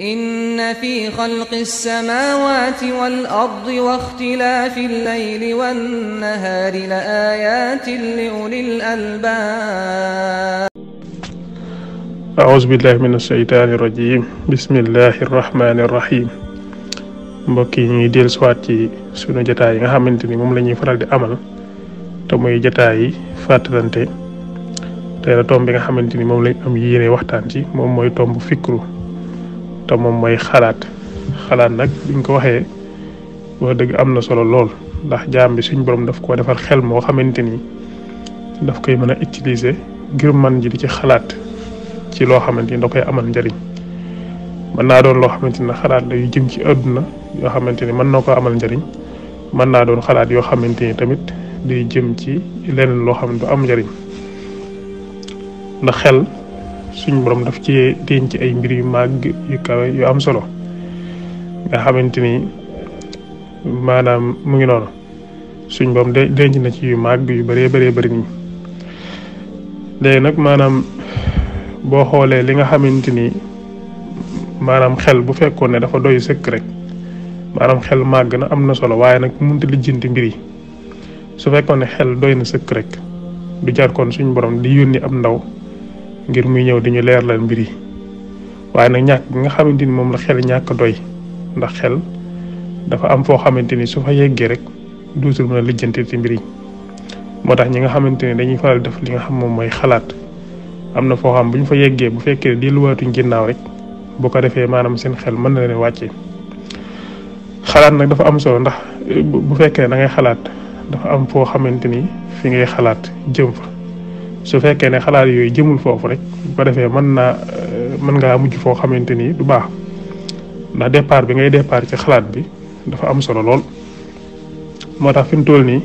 إن في خلق السماوات والأرض واختلاف الليل والنهار لآيات لأولي الألباب أعوذ بالله من الشيطان الرجيم بسم الله الرحمن الرحيم مبكي ني ديل سواتي سونو جتاي nga xamanteni mom lañuy faral di amal to moy jotaay fatante tay la tombe nga xamanteni mom lañ am yene waxtan ci mom moy tombe fikru te moom mooy xalaat xalaat nag biñ ko waxee wax dëgg am na solo lool ndax jaam bi suñ borom daf koo defar xel moo xamante ni daf koy mën a utiliser ngir man ji di ci xalaat ci loo xamante ni da koy amal njariñ mën naa doon loo xamante ni xalaat la yu jëm ci àdduna yoo xamante ni mën na ko amal njariñ mën naa doon xalaat yoo xamante ni tamit day jëm ci leneen loo xam ne du am njariñ ndax xel suñ borom daf ci denc ay mbir yu mag yu kawe yu am solo nga xamante ni maanaam mu ngi noonu suñ borom denc na ci yu màgg yu bëree bëree bëri nii léegi nag maanaam boo xoolee li nga xamante ni maanaam xel bu fekkoon ne dafa doy sëkk rek maanaam xel màgg na am na solo waaye nag mënut a lijjanti mbir yi su fekkoon ne xel doy na sëkk rek du jar kon suñ borom di yónni ab ndaw ngir muy ñëw di leer leerlal mbir yi waaye nag ñàkk bi nga xamante ni moom la xel ñàkk doy ndax xel dafa am foo xamante ni su yeggee rek duusul mën a lijjante ci yi moo tax ñi nga xamante ni dañuy faral def li nga xam moom mooy xalaat am na foo xam bu fa yeggee bu fekkee delluwaatuñ ginnaaw rek bu ko defee maanaam seen xel mën na leen wàccee xalaat nag dafa am solo ndax bu fekkee da ngay xalaat dafa am foo xamante ni fi ngay xalaat jëm fa su fekkee ne xalaat yooyu jëmul foofu rek bu ko defee mën naa euh, mën ngaa mujj foo xamante ni du baax ndax départ bi ngay départ ci xalaat bi dafa am solo lool. moo tax fi mu toll nii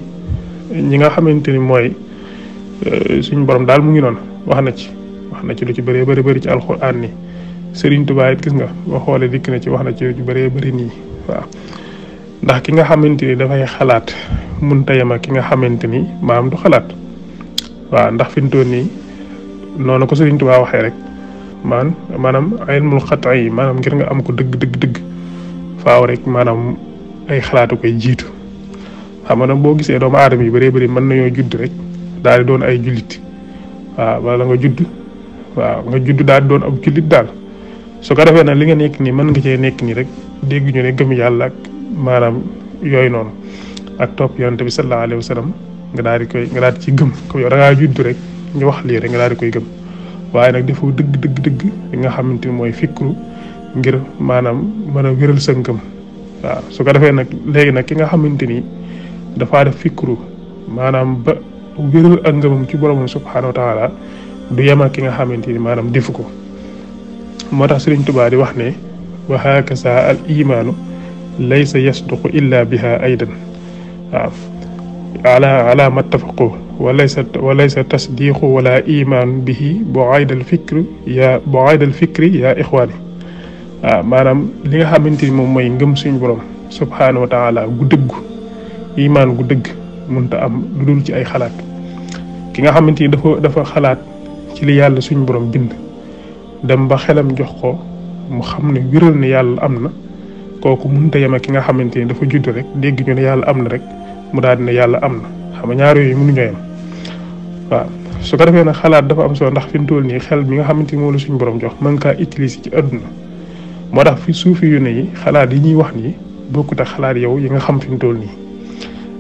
ñi nga xamante ni mooy euh, suñu borom daal mu ngi noonu wax na ci wax na ci lu ci bëree bëri bëri ci alxuraan nii Serigne Touba it gis nga boo xoolee dikk na ci wax na ci lu ci bëree bëri nii waaw. ndax ki nga xamante ni dafay xalaat mënta yem ak ki nga xamante ni maam du xalaat. waaw ndax fi mu toll nii noonu ko Sëriñ a waxee rek man maanaam ilmul xata ay maanaam ngir nga am ko dëgg dëgg dëgg faaw rek maanaam ay xalaatu koy jiitu xam nga boo gisee doom aadama yi bëree bëri mën nañoo judd rek daal doon ay jullit waaw wala nga judd waaw nga judd daal di doon ab jullit daal su ko defee na li nga nekk nii mën nga cee nekk nii rek dégg ñoo ne gëm yàlla ak maanaam yooyu noonu ak topp yonent bi sallallahu alayhi wa nga daal di koy nga daal di ci gëm comme yow da ñu wax lii rek nga daal koy gëm waaye nag defoo dëgg dëgg dëgg li nga xamante ni mooy fikru ngir maanaam mën a wéral sa ngëm waaw su ko defee nag léegi nag ki nga xamante ni dafaa def fikru maanaam ba wéral ak ngëmam ci boromam subhaanahu wa taala du yem ak ki nga xamante ni maanaam defu ko moo tax Sëriñ Tuubaa di wax ne wa hakasa al imaanu laysa yasduqu illa biha aydan waaw ala ala ma tafaqu walaysa walaysa tasdiqu wala imaan bihi bu'ayda al fikri yaa bu'ayda al fikri yaa ixwaani waaw maanaam li nga xamante ni moom mooy ngëm suñu borom subhaanahu wa taala gu dëgg imaan gu dëgg mënta am lu dul ci ay xalaat ki nga xamante ni dafa dafa xalaat ci li yàlla suñu borom bind dem ba xelam jox ko mu xam ne wéral ne yàlla am na kooku mënta yem a ki nga xamante ni dafa judd rek dégg ñu ne yàlla am na rek mu daal di ne yàlla am na xam nga mu nu mënuñoo yem waaw su ko defee nag xalaat dafa am solo ndax fi mu toll nii xel mi nga xamante ni moom la suñu borom jox mën kaa utiliser ci àdduna moo tax fi suuf yu yi xalaat yi ñuy wax nii bokkut ak xalaat yow yi nga xam fi mu toll nii.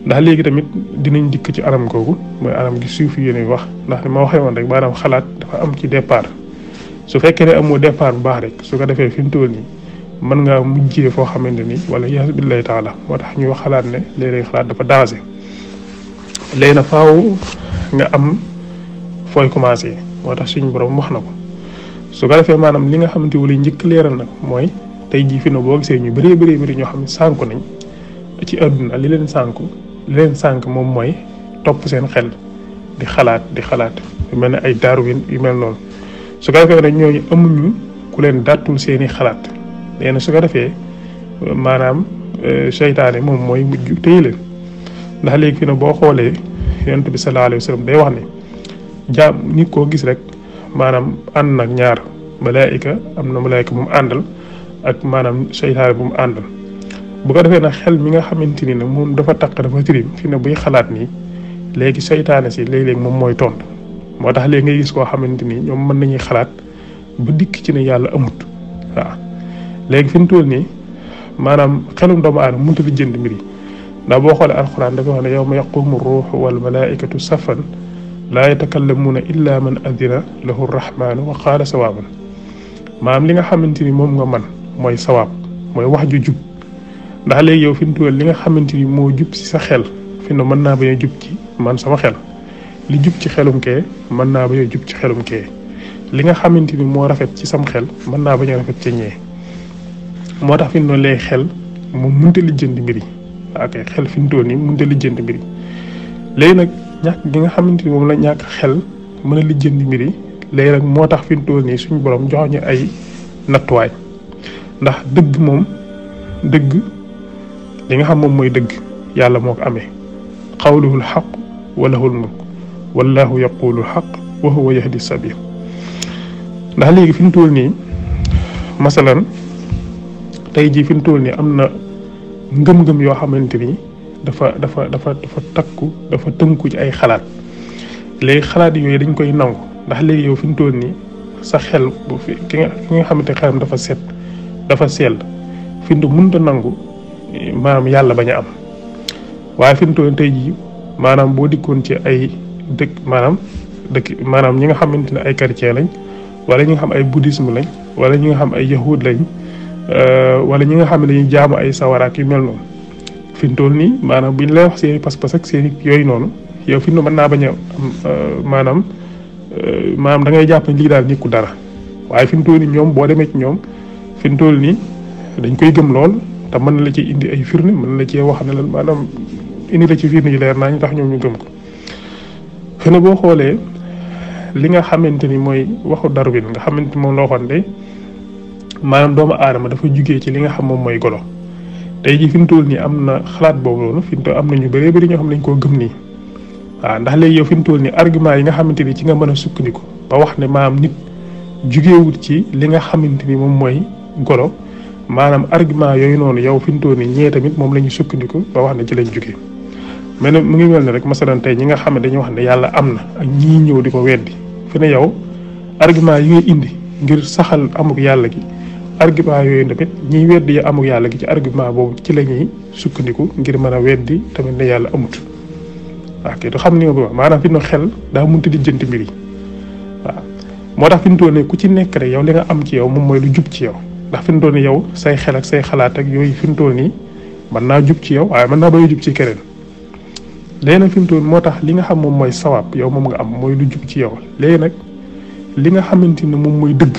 ndax léegi tamit dinañ dikk ci anam googu mooy anam gi suufi yu ne wax ndax li ma waxee woon rek maanaam xalaat dafa am ci départ su fekkee ne amoo départ bu baax rek su ko defee fi mu toll nii. mën ngaa mujjee foo xamante ni wala yaas billahi taala moo tax ñuy wax xalaat ne léeg-léeg xalaat dafa danger léegi na faaw nga am fooy commencé moo tax suñu borom wax na ko su ko defee maanaam li nga xamante wala njëkk leeral nag mooy tey jii fi na boo gisee ñu bëree bëri bëri ñoo xam ne sànku nañ ci àdduna li leen sànku li leen moom mooy topp seen xel di xalaat di xalaat mel ne ay Darwin yu mel noonu su ko defee nag ñooñu amuñu ku leen dàttul seeni xalaat nee na su ko defee maanaam euh, seytaane moom mooy mujj téye leen ndax léegi fi ne boo xoolee yonent bi sallallahu alayhi wa sallam day wax ne jaam nit koo gis rek maanaam ànd nag ñaar malaayika am na malaayika bu mu àndal ak maanaam seytaane bu mu àndal bu ko defee nag xel mi nga xamante ni nag moom dafa taq dafa tirim fi ne buy xalaat nii léegi seytaane si léeg-léeg moom mooy tontu moo tax léegi ngay gis koo xamante ni ñoom mën nañuy xalaat ba dikk ci ne yàlla amut léegi fi mu toll nii maanaam xelum doomu aadama mënut a fi jënd mbir yi ndax boo xoolee alxuraan dafa wax ne yow ma yaqumu ruuxu wal malaikatu safan laa yatakallamuuna illa man adina lahu rahmaanu wa qaala sawaaban maanaam li nga xamante ni moom nga man mooy sawaab mooy wax ju jub ndax léegi yow fi mu toll li nga xamante ni moo jub si sa xel fi mu mën naa bañ a jub ci man sama xel li jub ci xelum kee mën naa bañ a jub ci xelum kee li nga xamante ni moo rafet ci sam xel mën naa bañ a rafet ci ñee moo tax fi mu doon lay xel mu mënta lijjanti mbir yi ak xel fi mu doon nii mënta lijjanti mbir yi léegi nag ñàkk gi nga xamante ni moom la ñàkk xel mën a lijjanti mbir yi léegi nag moo tax fi mu doon nii suñu borom jox ñu ay nattuwaay ndax dëgg moom dëgg li nga xam moom mooy dëgg yàlla moo ko amee xawluhul xaq wa lahul mulk wallahu yaqulul xaq wa huwa yahdi sabil ndax léegi fi mu toll nii masalan tey jii fi mu toll nii am na ngëm-ngëm yoo xamante ni dafa dafa dafa dafa takku dafa tënku ci ay xalaat léegi xalaat yooyu dañ koy nangu ndax léegi yow fi mu toll nii sax xel ki nga ki nga xamante xelam dafa set dafa sell fi mu mënut nangu eh, maanaam yàlla bañ am waaye fi mu toll tey jii maanaam boo dikkoon ci ay dëkk maanaam dëkk maanaam ñi nga xamante ne ay chrétien lañ wala ñi nga xam ay bouddhisme lañ wala ñi nga xam ay yahud lañ. Euh, wala ñi nga xam ne dañuy jaamu ay sawaraat yu mel noonu fi mu toll nii maanaam bu ñu lay wax seeni pas-pas seeni yooyu noonu yow fi mu mën naa bañ a am euh, euh, maanaam da ngay jàpp ne daal nekkul dara fi mu toll nii ñoom boo demee ci ñoom fi mu toll nii dañ koy gëm lool te mën na la ci indi ay firnde mën na la ci wax ne lan maanaam indi ci firnde yu leer naa tax ñoom ñu gëm ko xëy boo xoolee li nga xamante ni mooy waxu Darwin nga xamante moom la waxoon de maanaam doomu aadama dafa jugee ci li nga xam moom mooy golo tey ji fi mu toll nii am na xalaat boobu noonu fi mu toll am na ñu bëree bëri ñoo xam ne koo gëm nii waaw ndax léegi yow fi mu toll nii argument yi nga xamante ni ci nga mën a sukkandiku ba wax ne maanaam nit jugeewut ci li nga xamante ni moom mooy golo maanaam argument yooyu noonu yow fi mu toll nii ñee tamit moom la ñu sukkandiku ba wax ne ci lañ jugee mais nag mu ngi mel ne rek masalan tey ñi nga xam ne dañuy wax ne yàlla am na ak ñii ñëw di ko weddi fi ne yow argument yi ngay indi ngir saxal amuk yàlla gi argument yooyu tamit ñiy weddi ya amu yàlla gi ci argument boobu ci la ñuy sukkandiku ngir mën a weddi tamit ne yàlla amut waaw kay du xam ni ma maanaam fi no xel daa munta lijjanti mbir yi waaw moo tax fi mu ku ci nekk rek yow li nga am ci yow moom mooy lu jub ci yow ndax fi mu yow say xel ak say xalaat ak yooyu fi mu toll nii mën naa jub ci yow waaye mën naa bay jub ci keneen léegi nag fi mu moo tax li nga xam moom mooy sawab yow moom nga am mooy lu jub ci yow léegi nag li nga xamante ni moom mooy dëgg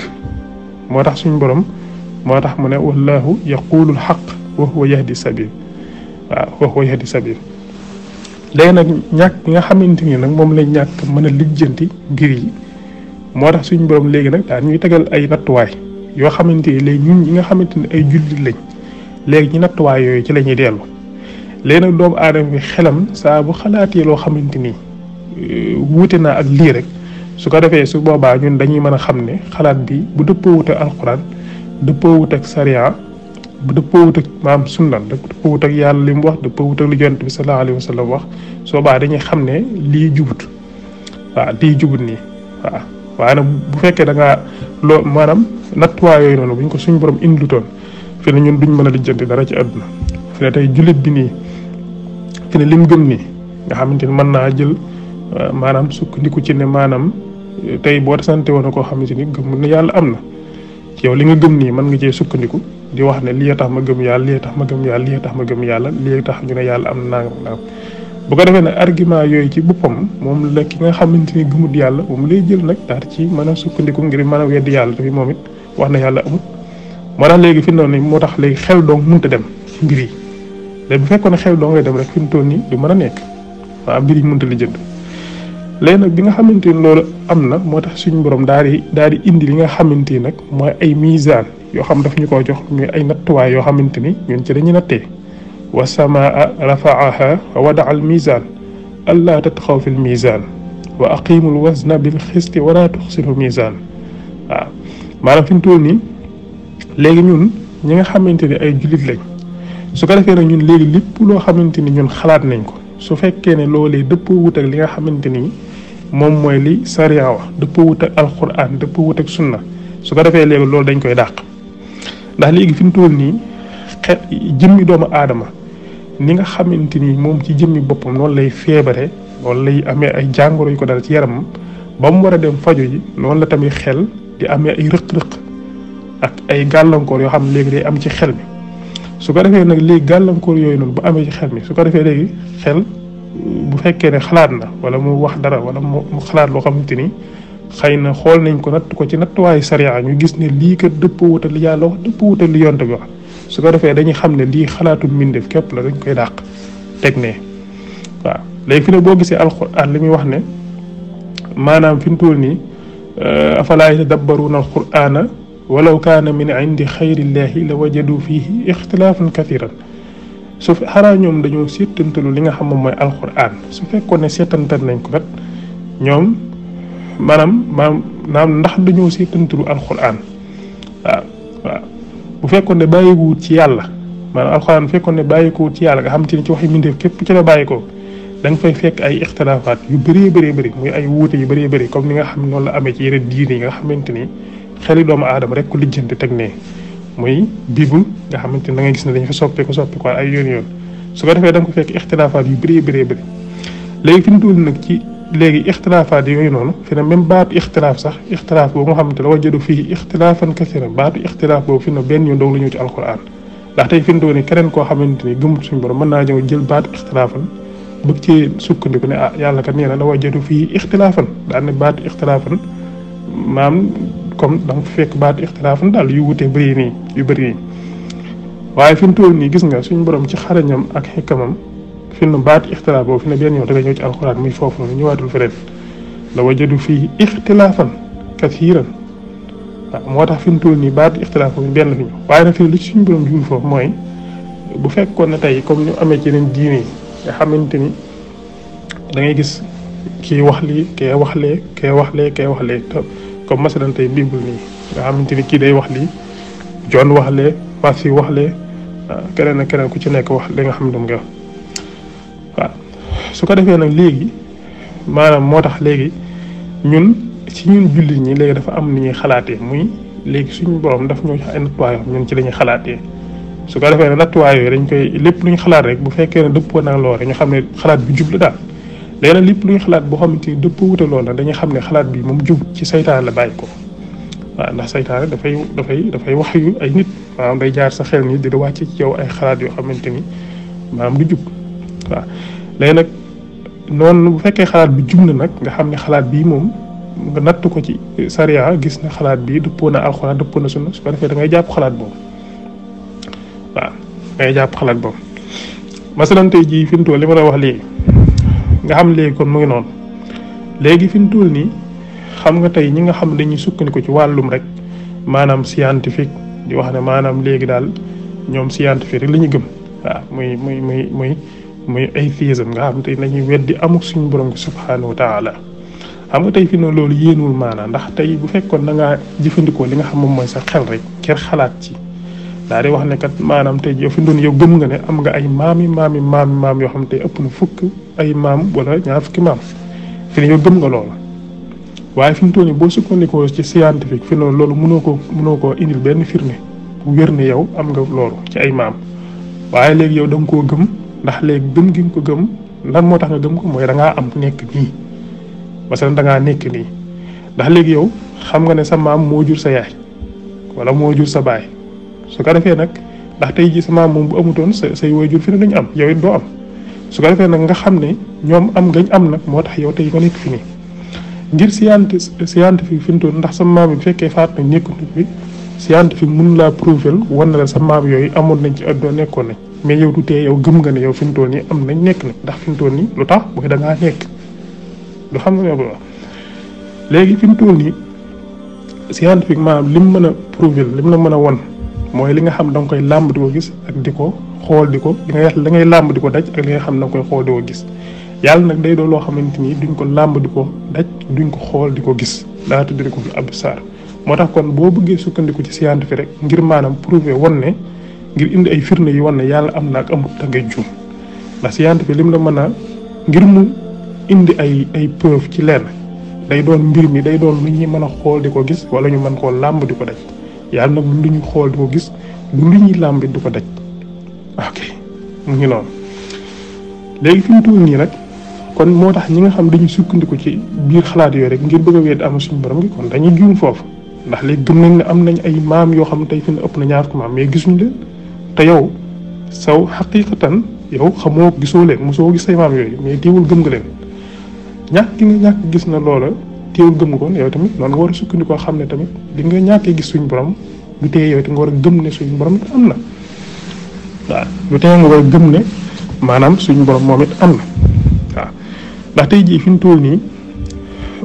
moo tax borom moo tax mu ne wallahu yaqulul xaq wa huwa di sabil waaw wa huwa yahdi sabil léegi nag ñàkk nga xamante ni nag moom lañ ñàkk mën a lijjanti mbir yi moo tax suñu borom léegi nag daal ñuy tegal ay nattuwaay yoo xamante ni léegi ñun nga xamante ni ay jullit lañ léegi ñi nattuwaay yooyu ci lañuy ñuy dellu léegi nag doomu aadama bi xelam saa bu xalaatee loo xamante ni euh, wuute naa ak lii rek su ko defee su boobaa ñun dañuy mën a xam ne xalaat bi bu dëppoo wuute alxuraan dëppoowut ak sariya dëppoowut ak maam sunnan rek dëppoowut ak yàlla li mu wax dëppoowut ak li yonent bi sallallahu alayhi wa sallam wax soo baa dañuy xam ne lii jubut waaw lii jubut nii waaw waaye nag bu fekkee da ngaa loo maanaam nattuwaay yooyu noonu buñ ko suñ borom indi toon fi ne ñun duñ mën a lijjanti dara ci àdduna fi ne tey jullit bi nii fi ne lim gëm nii nga xamante ni mën naa jël euh, maanaam sukkandiku ci ne maanaam tey boo desante woon koo xamante ni gëm na yàlla am na yow li nga gëm nii mën nga cee sukkandiku di wax ne lii tax ma gëm yàlla lii tax ma gëm yàlla lii a ma gëm yàlla lii tax ñu ne yàlla am na nangam nangam bu ko defee ne argument yooyu ci boppam moom la ki nga xamante ni gëmut yàlla moom lay jël nag daal ci man a sukkandiku ngir mën a weddi yàlla tamit moom it wax na yàlla amut moo tax léegi fi noonu moo tax léegi xel dong mënta dem ci mbir yi léegi bu fekkoon ne xel dong ngay dem rek fi mu toll nii du mën a nekk waaw mbir yi mënta li jë léegi nag bi nga xamante ni loolu am na moo tax suñu borom daal di daal di indi li nga xamante ni nag mooy ay misaan yoo xam daf ñu ko jox muy ay nattuwaay yoo xamante ni ñun ci dañuy nattee wa samaa rafaaha wa wadaa al misaan allaa tatxaw fi l misaan wa aqimul wasna bil xisti wala tuxsiru misaan waaw maanaam fi mu toll nii léegi ñun ñi nga xamante ni ay jullit lañ su ko defee nag ñun léegi lépp loo xamante ni ñun xalaat nañ ko su fekkee ne loolee dëppoo wut ak li nga xamante ni moom mooy li sariya wax dëppoo wut ak alxuraan dëppoo wut ak sunna su ko defee léegi loolu dañ koy dàq ndax léegi fi mu toll nii xel jëmmi doomu aadama ni nga xamante ni moom ci jëmmi boppam noonu lay feebare noonu lay amee ay jàngoro yu ko dal ci yaram ba mu war a dem fajo yi noonu la tamit xel di amee ay rëq-rëq ak ay gàllankoor yoo xam ne day am ci xel mi su ko defee nag léegi gàllankoor yooyu noonu bu amee ci xel mi su ko defee léegi xel. bu fekkee ne xalaat na wala mu wax dara wala mu xalaat loo xamante ni xëy na xool nañ ko natt ko ci nattuwaayu sariya ñu gis ne lii kat dëppoo wutal li yàlla wax dëppoo wutal li yonte bi wax su ko defee dañuy xam ne lii xalaatu mbindeef képp la dañ koy dàq teg ne waaw léegi fi ne boo gisee alquran li muy wax ne maanaam fi mu toll nii afalaa yatadabbaruuna alqurana walaw kaana min indi xayrillahi la wajadu fihi ixtilaafan kathiran su fe xaraa ñoom dañoo seetantalu li nga xam moom mooy alxuraan su fekkoon ne seetantal nañ ko kat ñoom maanaam maanaam ndax dañoo seetantalu alxuraan waaw waaw bu fekkoon ne bàyyiwut ci yàlla maanaam alxuraan bu fekkoon ne bàyyi ci yàlla nga ci waxi mbindeef képp ci la bàyyi ko fay fekk ay ixtilaafaat yu bëree bëree bëri muy ay wuute yu bëree bëri comme ni nga xam noonu la amee ci yeneen diine yi nga xamante ni xeli doomu aadama rek ku lijjanti teg nee muy biibul nga xamante ne da ngay gis ne lañu fa soppeeku soppeeku ay yoon yoon su ko defee da nga ko fekk ixtilaafaat yu bëree bëree bëri léegi fi mu toll nag ci léegi ixtilaafaat yooyu noonu fi ne même baatu ixtilaaf sax ixtilaaf boobu nga xamante ne wajadu fii ixtilaafan kasiran baatu ixtilaaf boobu fi ne benn yoon dong la ñëw ci alquran ndax tey fi mu toll nii keneen koo xamante ni gëmut suñu borom mën naa ñëw jël baatu ixtilaafan bëgg cee sukkandiku ne ah yàlla ka nee na la wajadu fii ixtilaafan daan ne baatu ixtilaafan maam comme da nga fekk baatu ixtilaafan daal yu wute bëri nii yu bëri nii waaye fi mu toll nii gis nga suñu borom ci xarañam ak xikkamam fi mu baatu ixtilaaf boobu fi ne benn yoon dafay ñëw ci alxuraan muy foofu noonu ñëwaatul feneen la wajadu fii ixtilaafan kathiran waaw moo tax fi mu toll nii baatu ixtilaaf boobu benn fi ñu waaye nag fi li suñu borom jublu foofu mooy bu fekkoon ne tey comme ñu amee ci yeneen diine yi nga xamante ni da ngay gis kii wax lii kee wax lee kee wax lee kee wax lee comme masalan tey bible nii nga xamante ni kii day wax lii John wax lee Matthieu wax lee ah, keneen ak ku ci nekk wax li nga xam ne moom nga waaw su ko defee nag léegi maanaam moo tax léegi ñun ci ñun jullit ñi dafa am ni ñuy xalaatee muy léegi suñu borom daf ñoo jox ay nattuwaay ñun ci la ñuy su ko defee ne nattuwaay yooyu dañ koy lépp lu ñu xalaat rek bu fekkee ne dëppoo naa lool rek ñu xam ne xalaat bi jub daal léegi nag lépp luy xalaat boo xamante ni dëpp wute loolu la dañuy xam ne xalaat bi moom jub ci saytaan la bàyyi ko waaw ndax saytaan dafay dafay dafay wax yu ay nit maanaam day jaar sa xel ni di wàcc ci yow ay xalaat yoo xamante ni maanaam du jub waaw léegi nag noonu bu fekkee xalaat bi jub na nag nga xam ne xalaat bii moom nga natt ko ci sariya gis na xalaat bii dëppoo na alxuraan dëppoo na sunna su ko defee da jàpp xalaat boobu waaw ngay jàpp xalaat boobu masalan tey mu toll li ma la nga xam léegi kon mu ngi noonu léegi fi mu tuul nii xam nga tey ñi nga xam dañuy sukkandiku ci wàllum rek maanaam scientifique di wax ne maanaam léegi daal ñoom scientifique rek la ñu gëm waaw muy muy muy muy muy athéisme nga xam te dañuy weddi amuk suñu borom subhanahu wa taala xam nga tey fi noonu loolu yéenul maanaam ndax tey bu fekkoon da ngaa jëfandikoo li nga xam moom mooy sax xel rek ngir xalaat ci. daal di wax ne kat maanaam te jii fi mu doon yow gëm nga ne am nga ay maami maami maami maam yoo xam te ëpp na fukk ay maam wala ñaar fukki maam fi ne yow gëm nga loola. waaye fi mu toll nii boo sukkandikoo ci scientifique fi noonu loolu mënoo ko mënoo koo indil benn firnde bu wér ne yow am nga loolu ci ay maam waaye léegi yow da koo gëm ndax léegi gëm gi nga ko gëm lan moo tax nga gëm ko mooy da ngaa am nekk nii parce que da nekk nii ndax léegi yow xam nga ne sa maam moo jur sa yaay wala moo jur sa baay. su ko defee nag ndax tey ji sa maam moom bu amutoon sa say waajur fi ne dañu am yow it doo am su ko defee nag nga xam ne ñoom am ngañ am na moo tax yow tey nga nekk fi nii ngir scientifique scientifique fi mu toll ndax sa maam bu fekkee faat na nekkul fi scientifique laa prouver wan na la maam yooyu amoon nañ ci àdduna nekkoon nañ mais yow du tee yow gëm ne yow fi mu nii am nañ nekk nañ ndax fi mu nii lu tax booy da ngaa nekk lu xam nga ne léegi fi mu toll nii scientifique maanaam lim mën a prouver lim la mën a won mooy li nga xam da nga koy làmb di ko gis ak di ko xool di ko li nga la ngay làmb di ko daj ak li nga xam da nga koy xool di ko gis yàlla nag day doon loo xamante ni duñ ko làmb di ko daj duñ ko xool di ko gis laa ko fi saar moo tax kon boo bëggee sukkandiku ci fi rek ngir maanaam prouver won ne ngir indi ay firnde yi won ne yàlla am na ak amut da ngay juum ndax fi lim la mën ngir mu indi ay ay preuve ci lenn day doon mbir mi day doon lu ñuy mën a xool di ko gis wala ñu mën koo làmb di daj yàlla nag lu ñu xool du ko gis lu ñuy làmbi du ko daj ok mu ngi noonu léegi fi mu tuul nii nag kon moo tax ñi nga xam dañuy sukkandiku ci biir xalaat yooyu rek ngir bëgg a wedd am suñu borom gi kon dañuy juum foofu ndax léegi gëm nañ ne am nañ ay maam yoo xam tey fi mu ëpp na ñaar ko maam mais gisuñu leen te yow saw xaqiqatan yow xamoo gisoo leen mosoo gis say maam yooyu mais teewul gëm nga leen ñàkk gi nga ñàkk gis na loola. teew gëm ko yow tamit non nga war a sukkandikoo xam ne tamit li nga ñàkkee gis suñ borom du tee yow tamit nga war a gëm ne suñ borom it am na waaw du tee nga war a gëm ne maanaam suñ borom moom it am na waaw ndax tey jii fi mu toll nii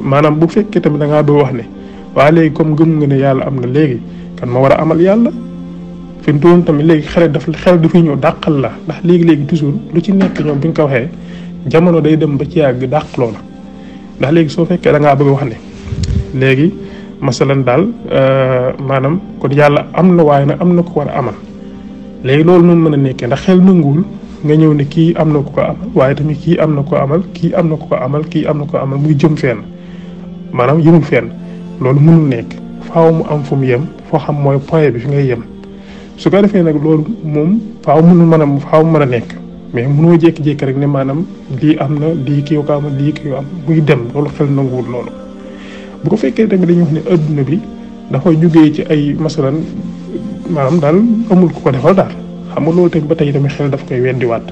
maanaam bu fekkee tamit da ngaa bëgg wax ne waa léegi comme gëm nga ne yàlla am na léegi kan ma war a amal yàlla fi mu toll tamit léegi xel daf xel dafay ñëw dàqal la ndax léegi-léegi toujours lu ci nekk ñoom bi nga ko waxee jamono day dem ba ci yàgg dàqloo la ndax léegi soo fekkee da ngaa bëgg wax ne léegi masalan daal euh, maanaam kon yàlla am na waaye nag am na ko war a amal léegi loolu noonu mën a nekkee ndax xel nguul nga ñëw ne kii am na ko ko amal waaye tamit kii am na ko amal kii am na ko ko amal kii am na ko amal muy jëm fenn maanaam yëmul feen loolu mënul nekk faaw mu am fu yem foo xam mooy point bi fi ngay yem su ko defee nag loolu moom faaw mënul mën a faaw mën a nekk mais mënoo jékki-jékki rek ne maanaam lii am na lii kii ko am lii kii am muy dem loolu xel nanguwul loolu. bu ko fekkee tamit dañuy wax ne adduna bi dafa jugee ci ay masalan maanaam daal amul ku ko defal daal xam nga loolu ba tey tamit xel daf koy weddiwaat